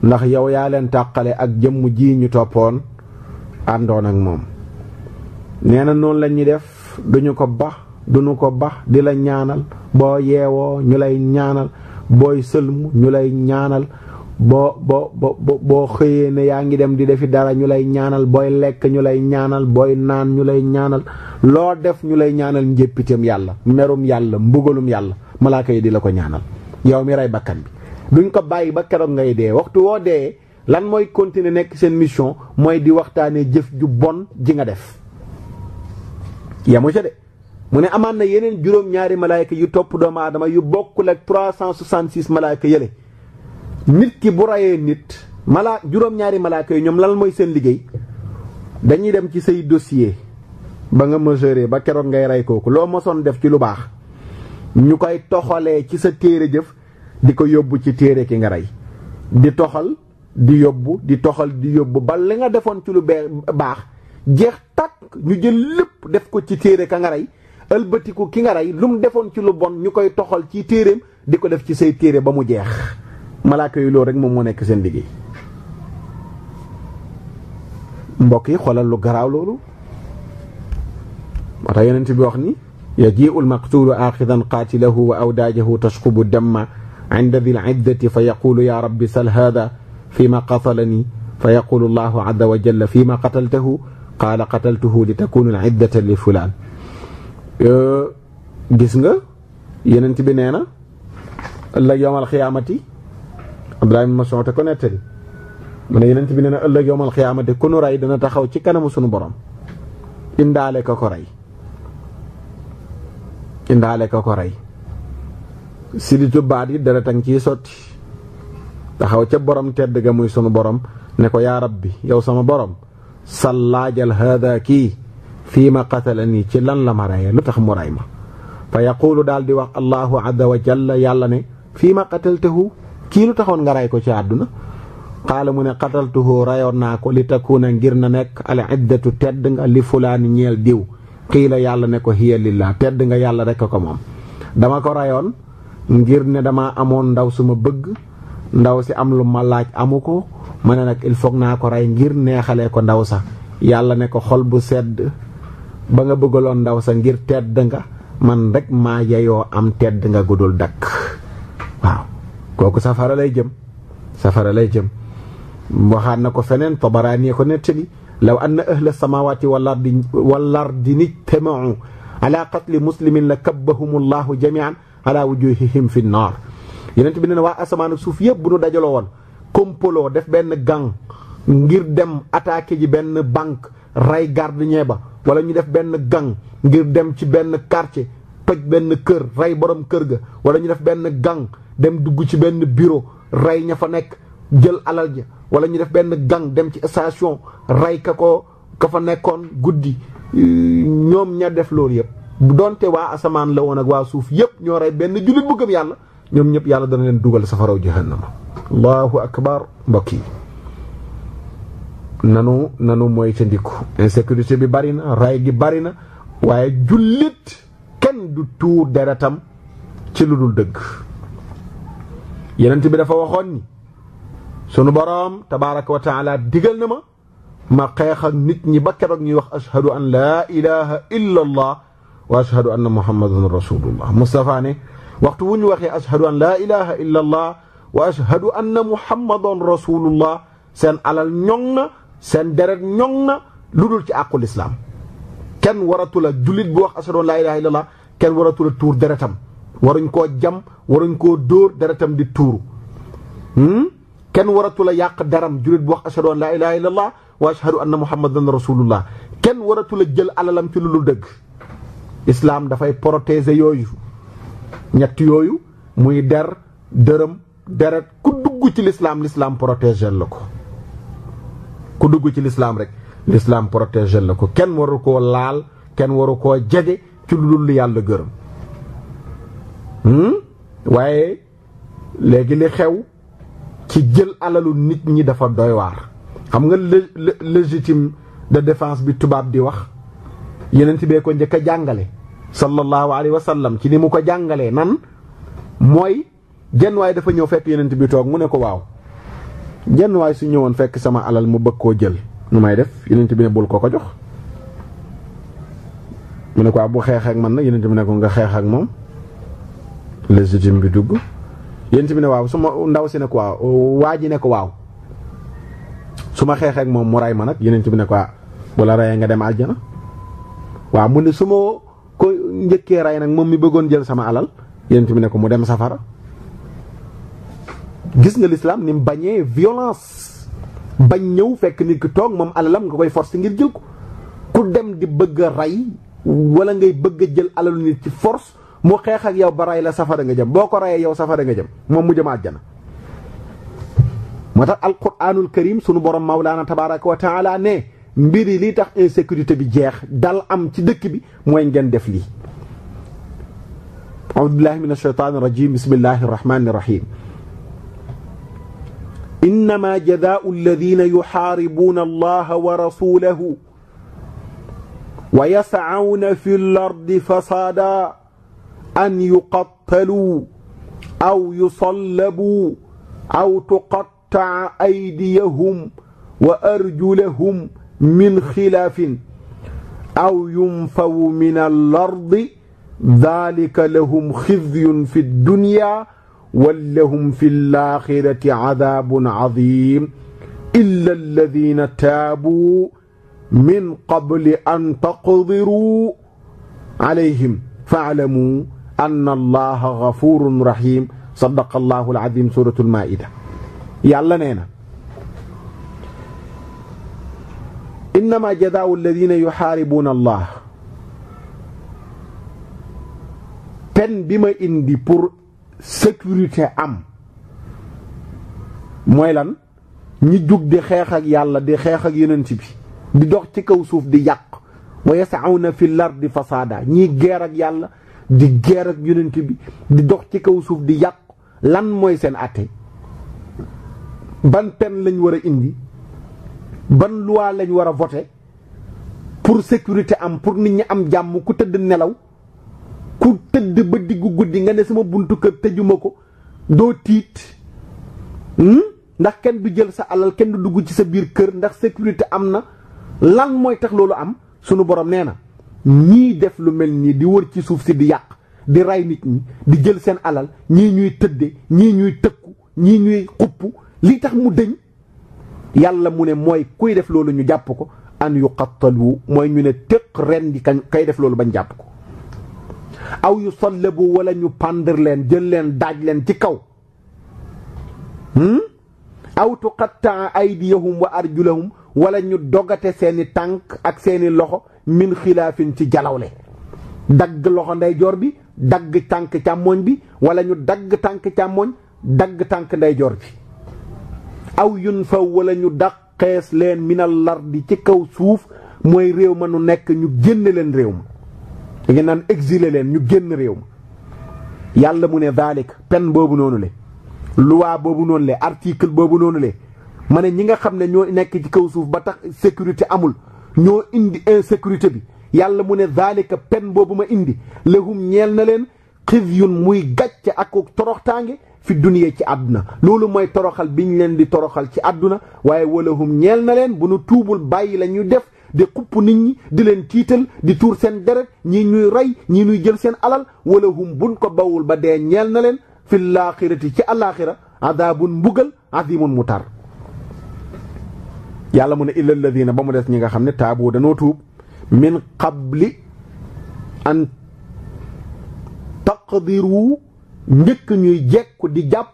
ndax yow yaa leen tàqale ak jëmm ji ñu toppoon àndoon ak moom nee na noonu la ñuy def duñu ko ba ñu ko baax di la ñaanal boo yeewoo ñu lay ñaanal booy sëlmu ñu lay ñaanal boo boo boo boo xëyee ne yaa ngi dem di defi dara ñu lay ñaanal booy lekk ñu lay ñaanal booy naan ñu lay ñaanal loo def ñu lay ñaanal njéppitam yàlla merum yàlla mbugalum yàlla malaaka yi di la ko ñaanal yow mi rey bakkan bi duñ ko bàyyi ba keroog ngay dee waxtu woo dee lan mooy continuer nekk seen mission mooy di waxtaanee jëf ju bon ji nga def yamu ca de mune amana yenen na yeneen juróom-ñaari malaayka yu topp doomu adama yu bokkul ak 366 malaika yele nit ki bu raye nit mala jurom ñaari malaika ñom lan moy seen liggey dañuy dem ci say dossier ba nga mesurer ba keroog ngay ray lo loo son def ci lu bax ñu toxale ci sa téré jëf di yobbu ci téré ki nga ray di toxal di yobbu di toxal di yobbu ba li nga defon ci lu bax jeex tak ñu jël lepp def ko ci téré ka nga ray ëlbatiku ki nga rey lu mu defoon ci lu bon ñu koy toxal ci téeréem di ko def ci say téere ba mu jeex malaaka yi loolu rek moom moo nekk seen liggéey mbokk yi xoolal lu garaaw loolu moo tax yonent bi ni yajiu almaqtulu axidan qaatilahu wa awdaajahu tashkubu damma inda di liddati fa yaqulu ya rabbi sal hada fi ma qatalani fa yaqulu allahu azza wa li takunu liddata fulaan Euh, gis nga yeneen bi nee na ëllëg yowmal xiyaamati Abdullah ibn Mas'ud te ko nettali mu ne yeneen bi nee ëllëg yowmal xiyaamati ku nu rey dana taxaw ci kanamu sunu borom indaale ka ko rey indaale ka ko rey siditu baat yi dara tang ciy sotti taxaw ca boroom tedd ga muy sunu borom ne ko yaa bi yow sama boroom sallaajal haada kii fii ma qatalani ci lan la ma rayee lu tax mu ray ma fa yaqulu daal di wax allahu azza wa jalla yàlla ne fii ma qataltahu kii lu taxoon nga ray ko ci àdduna qaala mu ne qataltuhu rayoon naa ko li takuuna ngir na nekk al iddatu tedd nga li fulaani ñeel diw qiila yàlla ne ko hiya lillah tedd nga yàlla rek ko moom dama ko rayoon ngir ne dama amoon ndaw suma bëgg ndaw si am lu ma laaj amu ko ma ne nag il faut naa ko rey ngir neexalee ko ndaw sax yàlla ne ko xol sedd ba nga bëggaloon ndaw sa ngir tedd nga man rek maa yeyoo am tedd nga gudul dakk waaw kooku safara lay jëm safara lay jëm waxaat na ko feneen tabaraani ko nettali law anna ahla samawati walardi walardi nijtamacu ala qatli muslimin la kabbahum allahu jamian ala wujuhihim fi nnaar yeneen bi ne waa asamaan ak suuf yëpp bu nu dajaloo woon kompoloo def benn gang ngir dem attaqué ji benn banque rey gardien ba wala ñu def benn gang ngir dem ci benn quartier toj benn kër rey borom kër ga wala ñu def benn gang dem dugg ci benn bureau rey ña fa nekk jël alal ja wala ñu def benn gang dem ci station rey ka ko ka fa nekkoon guddi ñoom ña def loolu yëpp doonte waa asamaan la woon ak waa suuf yëpp ñoo rey benn jullit bu gëm yàlla ñoom ñëpp yàlla dana leen dugal safaraw jahannama allahu akbar mbokk yi nanu nanu moytandiku insécurité bi bari na ray gi bari na waaye jullit kenn du tuur deretam ci lu dul dëgg yenent bi dafa waxoon ni sunu boroom tabaraka wa taala digal na ma ma xeex nit ñi ba keroog ñuy wax ashhadu an laa ilaha illa allah wa ashhadu anna muhammadan rasulullah waxtu wu ñu waxee ashhadu an laa ilaha illa allah wa ashhadu anna muhammadan rasulullah seen alal ñoŋ na seen deret ñoŋ na lu dul ci àqu lislaam kenn waratul a jullit bu wax ashadu an laa ilaaha illallah kenn waratul a tuur deretam waruñ koo jam waruñ koo dóor deretam di tuuru hmm? kenn waratul a yàq daram jullit bu wax ashadu an laa ilaaha illallah wa ashadu anna muhammadan rasulullah kenn waratul a jël alalam ci lu dul dëgg islaam dafay protéger yooyu ñetti yooyu muy der dërëm deret ku dugg ci lislaam lislaam protéger la ko ku dugg ci lislaam rek lislaam protégé la ko kenn waru koo laal kenn waru ko jege ci lu dul yàlla gërëm hmm? waaye léegi li xew ci jël alalu nit ñi dafa doy waar xam nga légitime de défense bi tubaab di wax yenent bee ko njëkk a jàngale sallallahu alayhi wa sallam ci ni mu ko jàngalee nan mooy genn waaye dafa ñëw fekk yeneent bi toog mu ne ko waaw jenn waay su ñëwoon fekk sama alal mu bëgg koo jël nu may def yonent bi ne bul ko ko jox mu ne ko ah, bu xeex ak man nag yonent bi ne ko nga xeex moom légitime bi dugg yonent bi ne waaw su ma ndaw si ne ko waa ji ne ko waaw su ma xeex moom mu ray ma nag yonent bi ne ko ah, bu la rayee nga dem àjjana waaw mu ne su ma ko njëkkee rey nag moom mi bëggoon jël sama alal yonent bi ne ko mu dem safara gis nga l'islam ni mu bañee violence bañ ñëw fekk nit ki toog moom alalam nga koy force ngir jël ko ku dem di bëgg a rey wala ngay bëgg a jël alalu nit ci force mu xeex ak yow ba rey la safara nga jëm boo ko reyee yow safara nga jëm moom mu jëm àjjana moo tax alquranul karim sunu borom mawlaana tabaraka wa taala ne mbir yi lii tax insécurité bi jeex dal am ci dëkk bi mooy ngeen def lii audu billahi min ashaytaani rajim bismillahi rahmani rahim إنما جزاء الذين يحاربون الله ورسوله ويسعون في الأرض فسادا أن يقتلوا أو يصلبوا أو تقطع أيديهم وأرجلهم من خلاف أو ينفوا من الأرض ذلك لهم خزي في الدنيا ولهم في الآخرة عذاب عظيم إلا الذين تابوا من قبل أن تقدروا عليهم فاعلموا أن الله غفور رحيم صدق الله العظيم سورة المائدة يلا نينا إنما جزاء الذين يحاربون الله pen bi ma sécurité am mooy lan ñi jug di xeex ak yàlla di xeex ak yeneen ci bi di dox ci kaw suuf di yàq wa yasawna fi lardi fasaada ñii geer ak yàlla di geer ak yonent bi di dox ci kaw suuf di yàq lan mooy seen àtte ban pen lañ war a indi ban loi lañ war a voter pour sécurité am pour nit ñi am jàmm ku tëdd nelaw ku tëdd ba diggu guddi nga ne sama buntu kër tëjuma ko doo tiit hmm? ndax kenn du jël sa alal kenn du dugg ci sa biir kër ndax sécurité am na lan mooy tax loolu am sunu borom nee na ñii def lu mel nii di wër ci suuf si di yàq di rey nit ñi di jël seen alal ñii ñuy tëdde ñii ñuy tëkku ñii ñuy xupp li tax mu dëñ yàlla mu ne mooy kuy def loolu ñu jàpp ko an yuqattalu mooy ñu ne tëq ren di kañ kay def loolu bañ jàpp ko aw yu sallabu wala ñu pendre leen jël leen daaj leen ci kaw hmm? aw tuqattaa aydiyahum wa arjulahum wala ñu dogate seeni tànk ak seeni loxo min xilaafin ci jalawle dagg loxo ndeyjoor bi dagg tànk càmmoñ bi walla ñu dagg tànk càmmoñ dagg tànk ndeyjoor bi aw yun faw wala ñu daqees leen minal lardi ci kaw suuf mooy réew ma nu nekk ñu génn leen réew ma da ngeen naan exiler leen ñu génn réew ma yàlla mu ne daalik pen boobu noonu le loi boobu noonu le article boobu noonu le ma ne ñi nga xam ne ñoo nekk ci kaw suuf ba tax sécurité amul ñoo indi insécurité bi yàlla mu ne daalika pen boobu ma indi lahum ñeel na leen yu muy gàcce ak toroxtaange fi duniya ci àdduna loolu mooy toroxal biñ leen di toroxal ci àdduna waaye walahum ñeel na leen bu nu tuubul bàyyi la ñuy def di xupp nit ñi di leen tiital di tuur seen deret ñii ñuy rey ñii ñuy jël seen alal wala hum buñ ko bawul ba dee ñeel na leen fil laaxirati ci àllaaxira adaabun mbugal azimun mu tar yàlla mu ne illa alladina ba mu des ñi nga xam ne taabu danoo tuub min qabli an taqdiru njëkk ñuy jekku di jàpp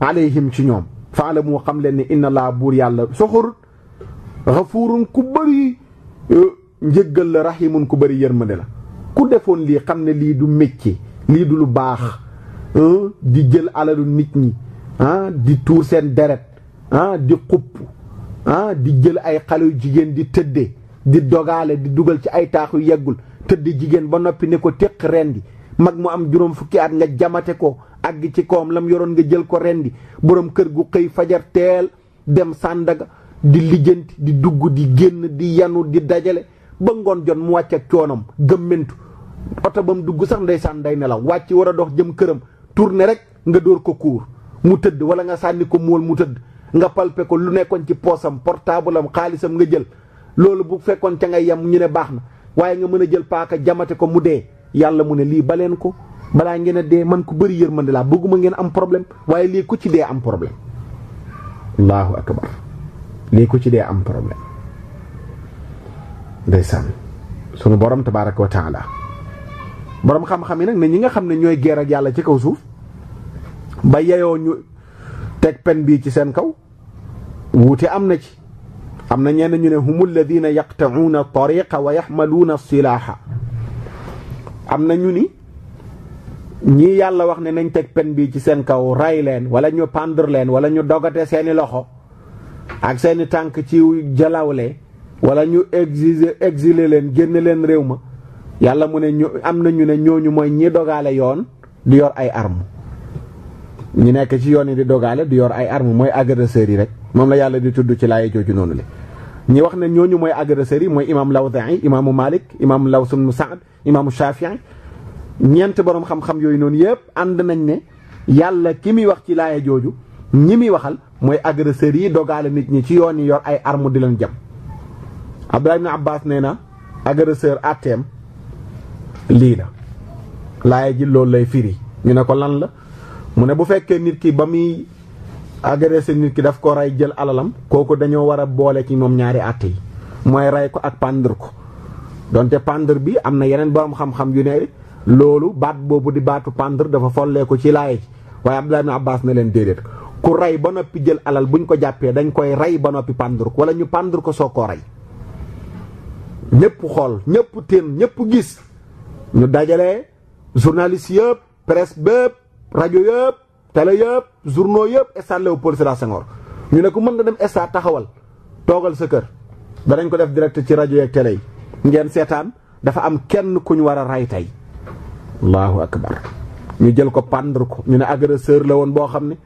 alayhim ci ñoom faalamu xam leen ni inna laa buur yàlla soxorut xafuurun ku bëri njëggal la rahimun ku bëri yërmande la ku defoon lii xam ne lii du métier lii du lu baax di jël alalu nit ñi di tuur seen deret ah di xupp di jël ay xale yu jigéen di tëddee di dogaale di dugal ci ay taax yu yeggul tëdd jigéen ba noppi ne ko téq rendi mag mu am juróom fukki at nga jamate ko àgg ci kawam lam yoroon nga jël ko rendi boroom kër gu xëy fajar teel dem Sàndaga di lijjanti di dugg di génn di yanu di dajale ba ngoon jot mu wàcc ak coonam gëmmentu oto ba mu dugg sax ndeysaan ndey nelaw wàcc war a dox jëm këram tourné rek nga dóor ko kuur mu tëdd wala nga sànni ko mool mu tëdd nga palpe ko lu nekkoon ci poosam portable xaalisam nga jël loolu bu fekkoon ca ngay yem ñu ne baax na waaye nga mën a jël paaka jamate ko mu dee yàlla mu ne lii baleen ko balaa ngeen a dee man ku bëri yërmande laa bëgguma ngeen am problème waaye lii ku ci dee am problème allahu lii ku ci dee am problème ndeysaan sunu borom tabaaraka wa taala borom xam-xam yi nag ne ñi nga xam ne ñooy geer ak yàlla ci kaw suuf ba yeyoo ñu teg pen bii ci seen kaw wuute am na ci am na ñenn ñu ne humu alladina yaqta'uuna tariqa wa yaxmaluuna silaaha am na ñu ni ñii yàlla wax ne nañ teg pen bii ci seen kaw ray leen wala ñu pendre leen wala ñu dogate seeni loxo ak seeni tànk ci jalawle wala ñu exiger exiler leen génn leen réew ma yàlla mu ne ñu am nañu ñu ne ñooñu mooy ñi dogaale yoon di yor ay arme ñu nekk ci yoon yi di dogaale di yor ay arme mooy agresseurs yi rek moom la yàlla di tudd ci laay jooju noonu la ñi wax ne ñooñu mooy agresseurs yi mooy imam Lawza'i imaamu Malik imam Laws ibn Sa'd imaamu Shafi'i ñeent boroom xam-xam yooyu noonu yëpp ànd nañ ne yàlla ki muy wax ci laay jooju ñi muy waxal mooy agresseurs yi dogale nit ñi ci yoon yi yor ay arme di leen jam Abdullah ibn Abbas nee na agresseur atteem lii la laaya ji loolu lay firi ñu ne ko lan la mu ne bu fekkee nit ki ba muy agressé nit ki daf ko rey jël alalam kooku dañoo war a boole ci moom ñaari àtte yi mooy rey ko ak pendre ko donte pendre bi am na yeneen borom xam-xam yu ne loolu baat boobu di baatu pendre dafa follee ko ci laaya ji waaye Abdullah ibn Abbas ne leen déedéet ku rey ba noppi jël alal buñ ko jàppee dañ koy rey ba noppi pàndur ko wala ñu pàndur ko soo koo ray ñëpp xool ñëpp téen ñëpp gis ñu dajale journaliste yëpp presque bépp rajo yëpp télé yëpp journaux yëpp stade Léopold Sédar Senghor ñu ne ko mën na dem stade taxawal toogal sa kër danañ ko def direct ci rajo yeeg télé yi ngeen seetaan dafa am kenn ku ñu war a rey tey allahu akbar ñu jël ko pàndur ko ñu ne agresseur la woon boo xam ne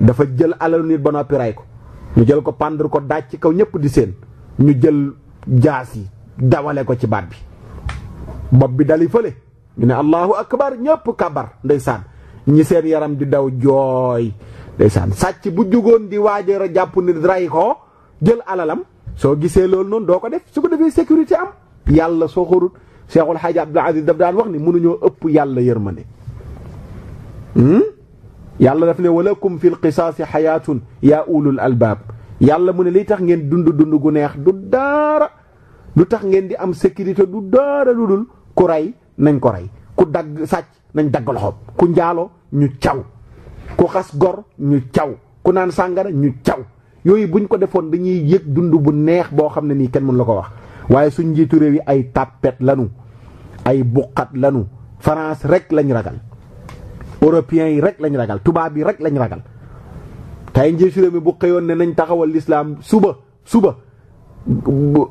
dafa jël alalu nit ba noppi rey ko ñu jël ko pendre ko daaj ci kaw ñëpp di seen ñu jël jaas yi dawale ko ci baat bi bopp bi dal yi fële ñu ne allahu akbar ñëpp kabar ndeysaan ñi seen yaram di daw jooy ndeysaan sàcc bu jugoon di waajeer a jàpp nit ray ko jël alalam soo gisee loolu noonu doo ko def su ko defee sécurité am yàlla soo xorut Cheikhul Hadji Abdoul Aziz daf daan wax ni mënuñoo ëpp yàlla yërmande hmm? yàlla def ne walakum fil qisaasi xayaatun yaa ulul albaab yàlla mu ne liy tax ngeen dund dund gu neex du daara lu tax ngeen di am sécurité du daara lu dul ku rey nañ ko rey ku dagg sàcc nañ dagg loxoom ku njaalo ñu caw ku xas gor ñu caw ku naan sàngara ñu caw yooyu buñ ko defoon dañuy yëg dund bu neex boo xam ne nii kenn mën la ko wax waaye suñ njiitu réew yi ay tàppet lanu ay buqat lanu France rek lañ ragal européen yi rek lañ ragal tuba bi rek lañ ragal tay njiitu réew mi bu Islam. ne nañ taxawal l'islam suba suba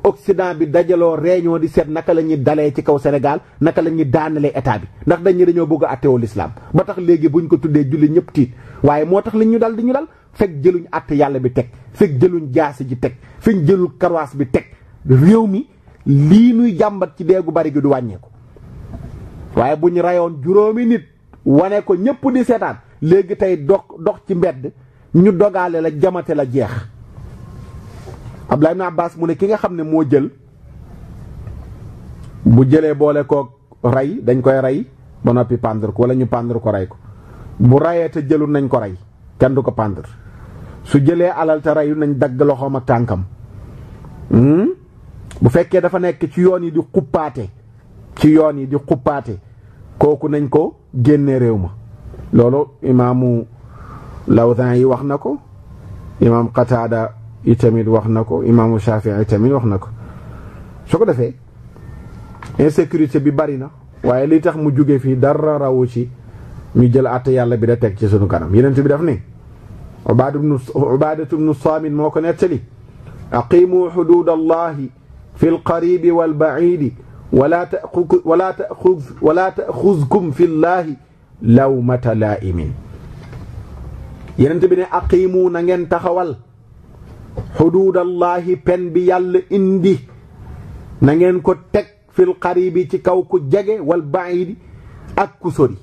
occident bi dajalo réunion di seet naka dalai ñuy Senegal, ci kaw Sénégal naka Nak ñuy daanalee état bi ndax dañ dañoo bëgg atté wol l'islam ba tax légui buñ ko tuddé julli ñëpp tiit waaye moo tax ñu dal di ñu dal Fek jëluñ atté yalla bi tek fek jëluñ jaasi ji tek fiñ jëlul karwaas bi tek réew mi li nuy jambat ci bari gi du waaye bu ñu rayoon nit wane ko ñëpp di seetaat léegi tey dox dox ci mbedd ñu dogaale la jamate la jeex Abdullah ibn Abbas mu ne ki nga xam ne moo jël bu jëlee boole koog rey dañ koy rey ba noppi pendre ko wala ñu pendre ko rey ko bu rayee te jëlu nañ ko rey kenn du ko pendre su jëlee alal te reyu nañ dagg loxoom ak tànkam hmm? bu fekkee dafa nekk ci yoon yi di xuppaate ci yoon yi di xuppaate kooku nañ ko génne réew ma loolu imaamu lawdan yi wax na ko imaam qataada yi tamit wax na ko imaamu shafii tamit wax na ko su ko defee insécurité bi bari na waaye li tax mu jóge fii dara rawu ci ñu jël àtte yàlla bi da teg ci sunu kanam yi yeneen bi daf ni ubaadatu bnu saamit moo ko nettali aqimu xuduud allahi fi alqaribi walbaidi wala taxu wala taxuz wala taxuzkum fi llaahi lawmata laaimin yenent ne aqiimu na ngeen taxawal xuduudallaahi pen bi yàlla indi na ngeen ko teg fil qaribi ci kaw ku jege wal baidi ak ku sori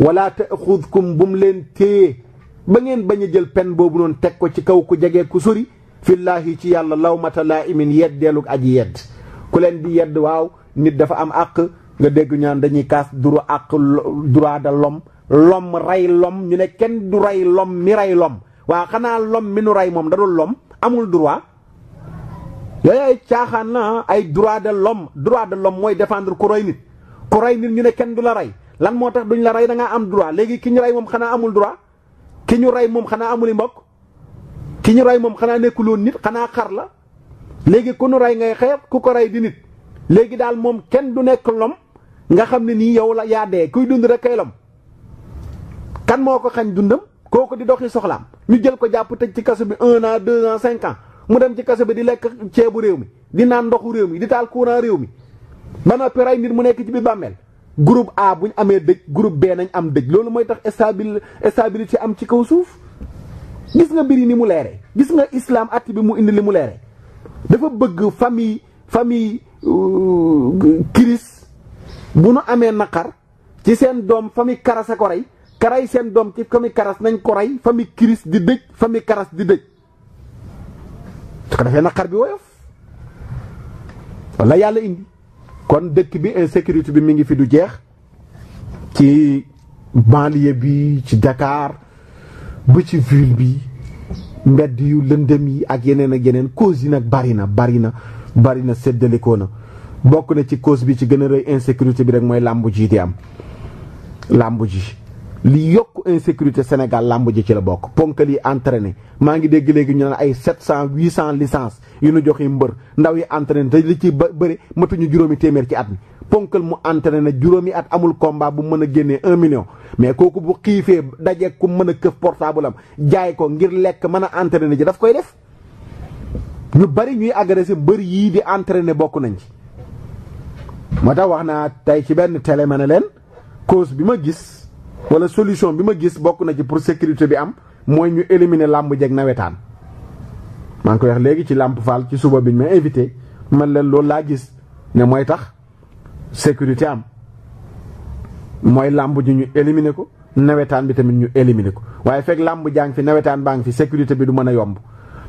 wala taxuzkum bu mu leen téye ngeen bañ a jël pen boobu noon teg ko ci kaw ku jege ku sori fillaahi ci yàlla lawmata laaimin yeddeelug aji yedd ku leen di yedd waaw nit dafa am ak nga deg ñaan dañuy kaas duru ak droit de l'homme l'homme ray l'homme ñu ne ken du ray lom mi ray l'homme wa xana l'homme mi nu ray da dul l'homme amul droit ya ay caaxaan na ay droit de l'homme droit de l'homme moy défendre ku roy nit ku ray nit ñu ne ken du la ray lan motax duñ la ray da nga am droit legi ki ñu ray mom xana amul droit ki ñu ray mom xana amul mbok ki ñu ray mom xana nekkuloon nit xana xar la legi ku nu ray ngay xeeb ku ko ray di nit léegi daal moom kenn du nekk lom nga xam ne nii yow la yaa kuy dund rek kay lom kan moo ko xañ dundam kooku di doxi soxlaam ñu jël ko jàpp tëj ci kaso bi un an deux ans cinq ans mu dem ci kaso bi di lekk ceebu réew mi di naan ndoxu réew mi di taal courant réew mi ba noppi rey mu nekk ci biir bàmmeel groupe A bu ñu amee dëj groupe B nañ am dëj loolu mooy tax stabil ci am ci kaw suuf gis nga mbir yi ni mu leere gis nga islaam at bi mu indi li mu leere dafa bëgg famille famille kiris euh, bu nu amee naqar ci seen doom famille karase ko rey karay seen doom ci famille karas nañ ko rey famille kiris di dëj famille karas di dëj su ko defee naqar bi woyof walla yàlla indi kon dëkk bi insécurité bi mi ngi fi du jeex ci banlieue bi ci jakaar ba ci ville bi mbedd yu lëndëm yi ak yeneen ak yeneen cause yi nag bari na bari na bari na séddalikoo na bokk na ci cause bi ci gën a rëy insécurité bi rek mooy làmb ji di am làmb ji li yokk insécurité Sénégal làmb ji ci la bokk ponkal yi entraîné maa ngi dégg léegi ñu naan ay 700 800 licences yu ñu joxe mbër ndaw yi entraîné te li ci ba bëri matuñu juróomi téeméer ci at mi ponkal mu entraîné na juróomi at amul combat bu mën a génnee 1 million. mais kooku bu xiifee dajeeg ku mën a këf portable am jaay ko ngir lekk mën a entraîné ji daf koy def. ñu bari ñuy agressé bëri yii di entraîné bokk nañ ci. moo tax wax naa tey ci benn télé ma ne leen cause bi ma gis wala solution bi ma gis bokk na ci pour sécurité bi am mooy ñu éliminer làmb jeeg nawetaan. maa ngi koy wax léegi ci làmp faal ci suba bi ñu may invité man leen loolu laa gis ne mooy tax sécurité am mooy làmb ji ñu éliminer ko nawetaan bi tamit ñu éliminer ko waaye fekk làmb jaa fi nawetaan baa ngi fi sécurité bi du mën a yomb.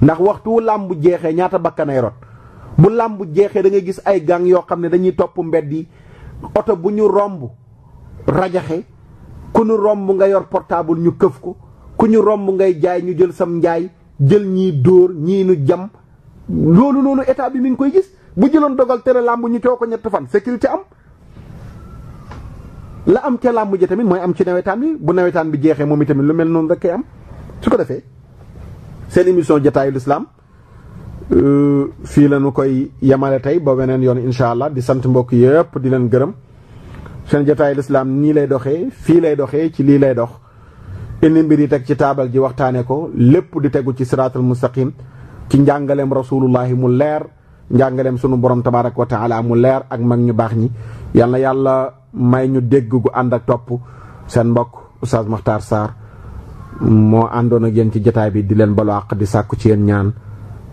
ndax waxtu làmb jeexee ñaata bakkanay rot bu làmb jeexee da ngay gis ay gang yoo xam ne dañuy topp mbedd yi oto bu ñu romb rajaxe ku ñu romb nga yor portable ñu këf ko ku ñu romb ngay jaay ñu jël sam njaay jël ñii dóor ñii nu jam loolu noonu état bi mi ngi koy gis bu jëloon dogal tere làmb ñu coow ko ñett fan sécurité am la am ca làmb ja tamit mooy am ci nawetaan bi bu nawetaan bi jeexee moom tamit lu mel noonu rek am su ko defee seen émission jotaayu lislaam euh, fii la koy yemale tey ba weneen yoon incha allah di sant mbokk yëpp di leen gërëm seen jotaayu lislaam nii lay doxee fii lay doxee ci lii lay dox indi mbir yi teg ci taabal ji waxtaane ko lépp di tegu ci siraatal mustaqim ci njàngaleem rasulullahi mu leer njàngaleem sunu borom tabarak wa mu leer ak mag ñu baax ñi yàlla yàlla may ñu dégg gu ànd ak topp seen mbokk Oustaz maxtar Sarr moo àndoon ak yéen ci jataay bi di leen balu àq di sàkku ci yéen ñaan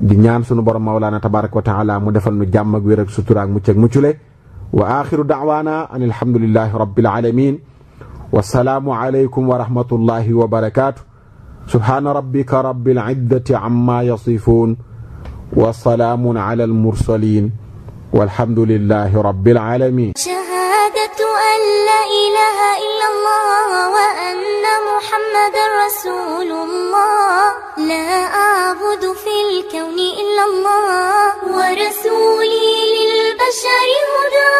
di ñaan sunu borom mawlaana tabaraka wa mu defal nu jàmm ak wér ak sutura ak mucc ak waa wa axiru daawaana an alhamdulillahi rabbil alamin wasalaamu alaykum wa rahmatullahi wa barakaatu subhaana rabbika rabbil izzati amma yasifuun wa salaamun ala almursalin والحمد لله رب العالمين شهادة أن لا إله إلا الله وأن محمد رسول الله لا أعبد في الكون إلا الله ورسولي للبشر هدى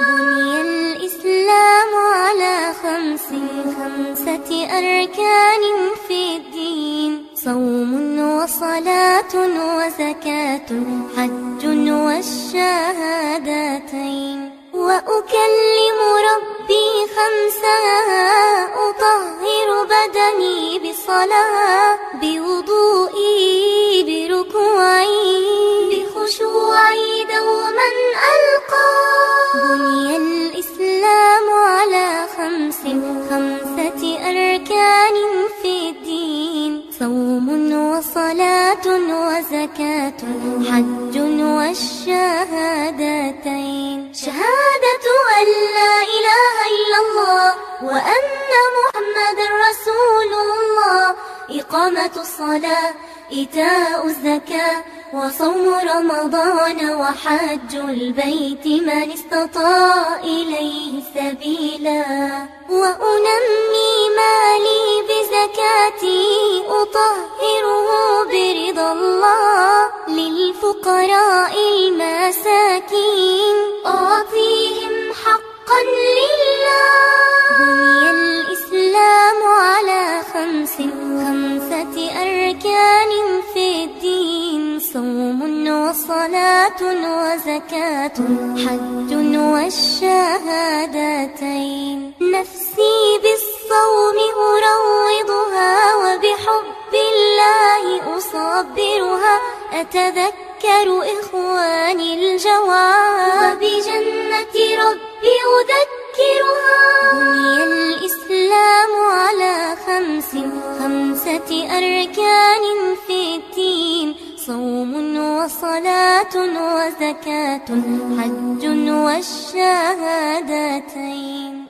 بني الإسلام على خمس خمسة أركان في الدين صوم وصلاة وزكاة حج والشهادتين وأكلم ربي خمسا أطهر بدني بصلاة بوضوئي إقامة الصلاة إيتاء الزكاة وصوم رمضان وحج البيت من استطاع إليه سبيلا وأنمي مالي بزكاتي أطهره برضا الله للفقراء المساكين أعطيهم حق حقا لله بني الإسلام على خمس خمسة أركان في الدين صوم وصلاة وزكاة حج والشهادتين نفسي بالصوم أروضها وبحب الله أصبرها أتذكر أذكر إخواني الجواب وبجنة ربي أذكرها بني الإسلام على خمس خمسة أركان في الدين صوم وصلاة وزكاة حج والشهادتين